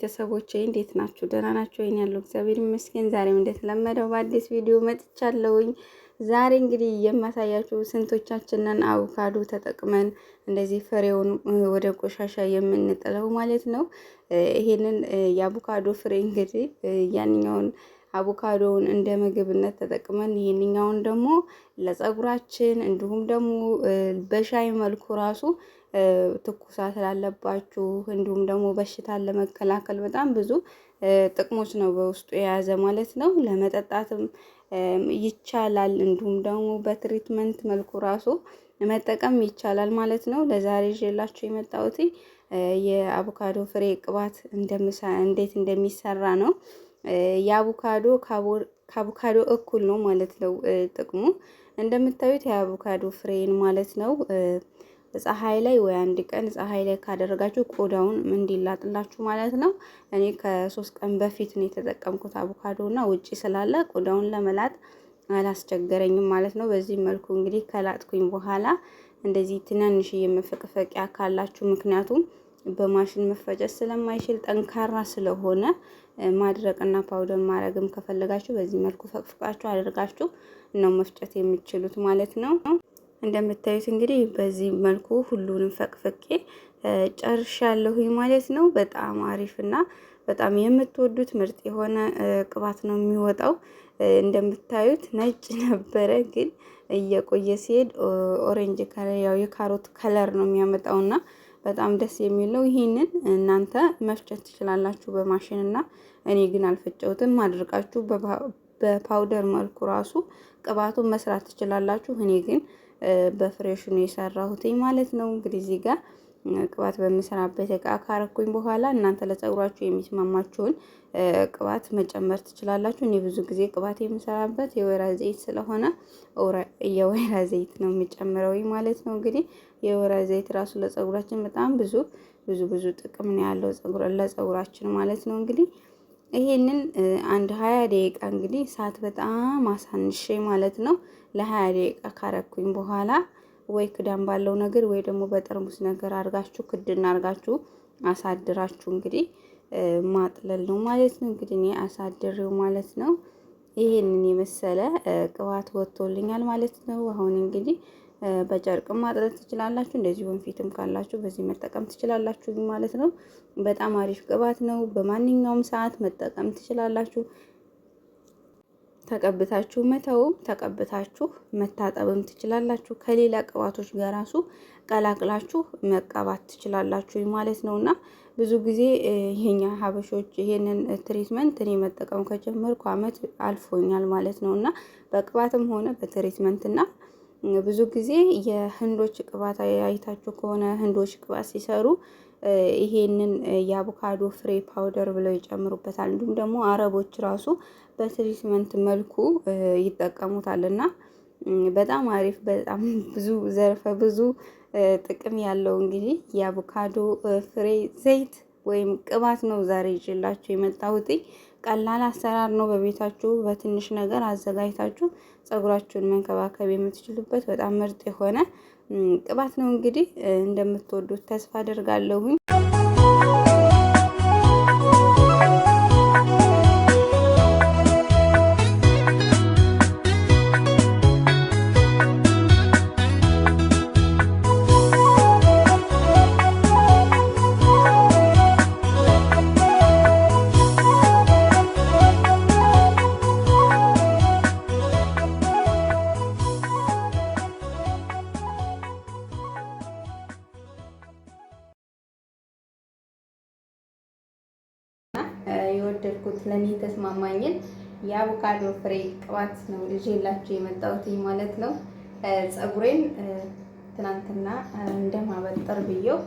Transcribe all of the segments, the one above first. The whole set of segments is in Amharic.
ቤተሰቦች እንዴት ናችሁ? ደህና ናችሁ? ይሄን ያለው እግዚአብሔር ይመስገን። ዛሬም እንደተለመደው በአዲስ ቪዲዮ መጥቻለሁኝ። ዛሬ እንግዲህ የማሳያችሁ ስንቶቻችንን አቮካዶ ተጠቅመን እንደዚህ ፍሬውን ወደ ቆሻሻ የምንጥለው ማለት ነው። ይሄንን የአቮካዶ ፍሬ እንግዲህ ያንኛውን አቮካዶውን እንደ ምግብነት ተጠቅመን ይሄንኛውን ደግሞ ለፀጉራችን እንዲሁም ደግሞ በሻይ መልኩ ራሱ ትኩሳት ላለባችሁ እንዲሁም ደግሞ በሽታን ለመከላከል በጣም ብዙ ጥቅሞች ነው በውስጡ የያዘ ማለት ነው። ለመጠጣትም ይቻላል። እንዲሁም ደግሞ በትሪትመንት መልኩ ራሱ መጠቀም ይቻላል ማለት ነው። ለዛሬ ይዤላችሁ የመጣሁት የአቮካዶ ፍሬ ቅባት እንዴት እንደሚሰራ ነው። የአቮካዶ ከአቮካዶ እኩል ነው ማለት ነው ጥቅሙ። እንደምታዩት የአቮካዶ ፍሬን ማለት ነው ፀሐይ ላይ ወይ አንድ ቀን ፀሐይ ላይ ካደረጋችሁ ቆዳውን እንዲላጥላችሁ ማለት ነው። እኔ ከሶስት ቀን በፊት ነው የተጠቀምኩት እና ውጪ ስላለ ቆዳውን ለመላጥ አላስቸገረኝም ማለት ነው። በዚህ መልኩ እንግዲህ ከላጥኩኝ በኋላ እንደዚህ ትናንሽ የመፈቅፈቂያ ካላችሁ ምክንያቱም በማሽን መፈጨት ስለማይችል ጠንካራ ስለሆነ ማድረቅና ፓውደር ማድረግም ከፈለጋችሁ በዚህ መልኩ ፈቅፍቃችሁ አድርጋችሁ ነው መፍጨት የሚችሉት ማለት ነው። እንደምታዩት እንግዲህ በዚህ መልኩ ሁሉንም ፈቅፍቄ ጨርሻለሁኝ ማለት ነው። በጣም አሪፍና በጣም የምትወዱት ምርጥ የሆነ ቅባት ነው የሚወጣው። እንደምታዩት ነጭ ነበረ፣ ግን እየቆየ ሲሄድ ኦሬንጅ ከለር፣ ያው የካሮት ከለር ነው የሚያመጣውና በጣም ደስ የሚለው። ይህንን እናንተ መፍጨት ትችላላችሁ በማሽን እና እኔ ግን አልፈጨሁትም። አድርቃችሁ በፓውደር መልኩ ራሱ ቅባቱን መስራት ትችላላችሁ። እኔ ግን በፍሬሽ ነው የሰራሁትኝ ማለት ነው። እንግዲህ እዚህ ጋር ቅባት በምሰራበት እቃ ካረኩኝ በኋላ እናንተ ለጸጉራችሁ የሚስማማችሁን ቅባት መጨመር ትችላላችሁ። እኔ ብዙ ጊዜ ቅባት የምሰራበት የወይራ ዘይት ስለሆነ የወይራ ዘይት ነው የሚጨምረው ማለት ነው። እንግዲህ የወይራ ዘይት ራሱ ለጸጉራችን በጣም ብዙ ብዙ ብዙ ጥቅም ነው ያለው ለጸጉራችን ማለት ነው እንግዲህ ይሄንን አንድ ሀያ ደቂቃ እንግዲህ ሰዓት በጣም አሳንሼ ማለት ነው ለሀያ ደቂቃ ካረኩኝ በኋላ ወይ ክዳን ባለው ነገር ወይ ደግሞ በጠርሙስ ነገር አድርጋችሁ ክድ አድርጋችሁ አሳድራችሁ እንግዲህ ማጥለል ነው ማለት ነው። እንግዲህ እኔ አሳድሬው ማለት ነው ይሄንን የመሰለ ቅባት ወጥቶልኛል ማለት ነው። አሁን እንግዲህ በጨርቅም ማጥለት ትችላላችሁ። እንደዚህ ወንፊትም ካላችሁ በዚህ መጠቀም ትችላላችሁ ማለት ነው። በጣም አሪፍ ቅባት ነው። በማንኛውም ሰዓት መጠቀም ትችላላችሁ። ተቀብታችሁ መተውም ተቀብታችሁ መታጠብም ትችላላችሁ። ከሌላ ቅባቶች ጋር ራሱ ቀላቅላችሁ መቀባት ትችላላችሁ ማለት ነው እና ብዙ ጊዜ ይሄኛ ሀበሾች ይሄንን ትሪትመንት እኔ መጠቀም ከጀመርኩ አመት አልፎኛል ማለት ነው እና በቅባትም ሆነ በትሪትመንት እና ብዙ ጊዜ የህንዶች ቅባት አይታችሁ ከሆነ ህንዶች ቅባት ሲሰሩ ይሄንን የአቮካዶ ፍሬ ፓውደር ብለው ይጨምሩበታል። እንዲሁም ደግሞ አረቦች ራሱ በትሪትመንት መልኩ ይጠቀሙታል እና በጣም አሪፍ በጣም ብዙ ዘርፈ ብዙ ጥቅም ያለው እንግዲህ የአቮካዶ ፍሬ ዘይት ወይም ቅባት ነው ዛሬ ይዤላችሁ የመጣሁት። ቀላል አሰራር ነው። በቤታችሁ በትንሽ ነገር አዘጋጅታችሁ ጸጉራችሁን መንከባከብ የምትችሉበት በጣም ምርጥ የሆነ ቅባት ነው። እንግዲህ እንደምትወዱት ተስፋ አደርጋለሁኝ። የወደድኩት ለኔ ተስማማኝን የአቮካዶ ፍሬ ቅባት ነው ይዤላችሁ የመጣሁት ማለት ነው። ፀጉሬን ትናንትና እንደማበጠር ብዬው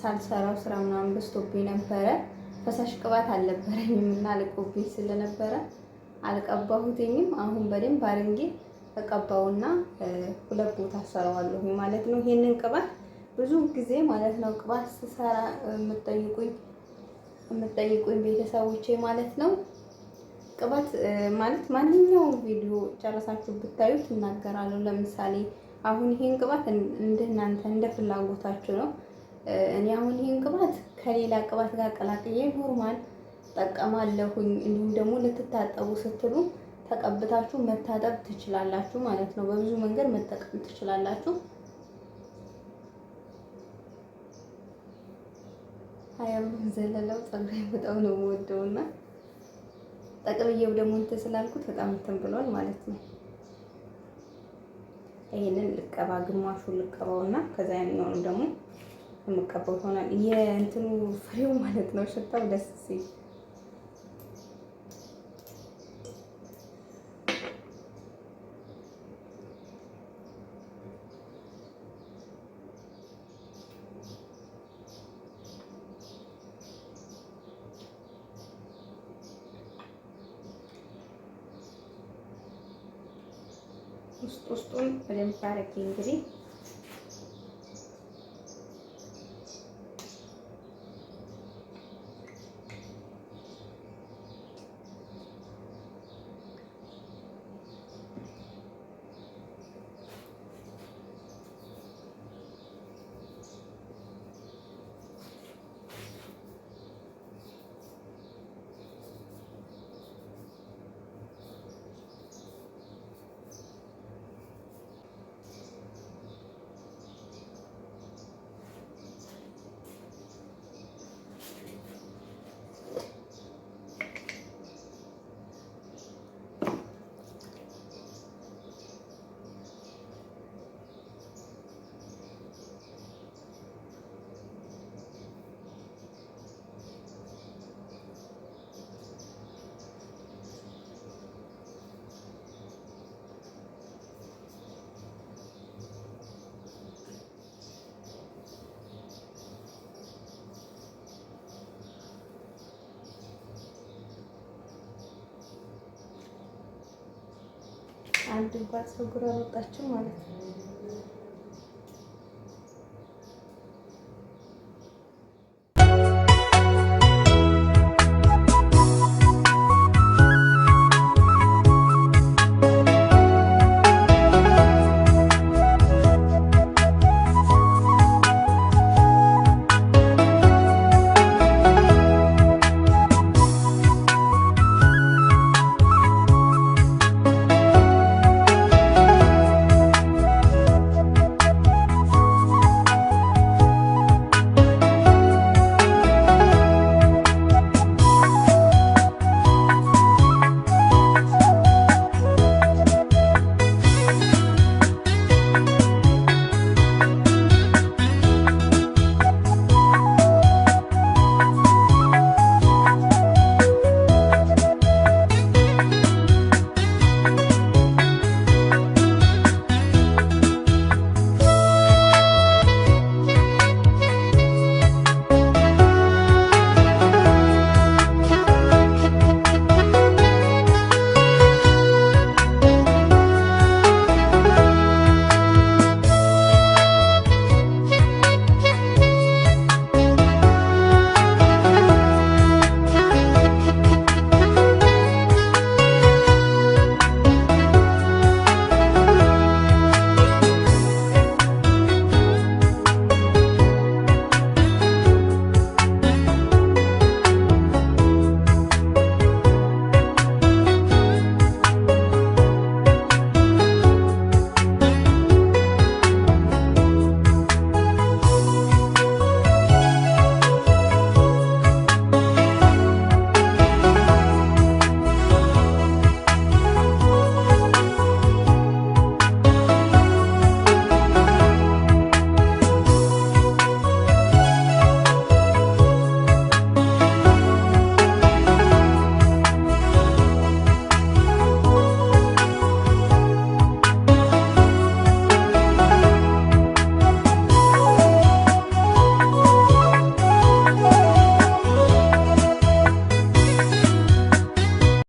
ሳልሰራው ስራ ምናምን በዝቶብኝ ነበረ። ፈሳሽ ቅባት አልነበረኝም እና አልቆብኝ ስለነበረ አልቀባሁትኝም። አሁን በደንብ አድርጌ እቀባውና ሁለት ቦታ ሰራዋለሁ ማለት ነው። ይህንን ቅባት ብዙ ጊዜ ማለት ነው ቅባት ስሰራ የምጠይቁኝ የምትጠይቁኝ ቤተሰቦቼ ማለት ነው። ቅባት ማለት ማንኛውም ቪዲዮ ጨረሳችሁ ብታዩ ትናገራለሁ። ለምሳሌ አሁን ይሄን ቅባት እንደ እናንተ እንደ ፍላጎታችሁ ነው። እኔ አሁን ይሄን ቅባት ከሌላ ቅባት ጋር ቀላቅዬ ኖርማል ጠቀማለሁኝ። እንዲሁም ደግሞ ልትታጠቡ ስትሉ ተቀብታችሁ መታጠብ ትችላላችሁ ማለት ነው። በብዙ መንገድ መጠቀም ትችላላችሁ። አያምሩም ዘለላው ፀጉሬ በጣም ነው የምወደውና ጠቅልዬው ደግሞ እንትን ስላልኩት በጣም እንትን ብሏል ማለት ነው። ይሄንን ልቀባ ግማሹ ልቀባውና ከዛ የሚሆኑ ደግሞ የምቀባው ይሆናል የእንትኑ ፍሬው ማለት ነው። ሽታው ደስ ሲል ውስጥ ውስጡን በደንብ አድርጌ እንግዲህ አንድ እንኳን ፀጉር አልወጣችም ማለት ነው።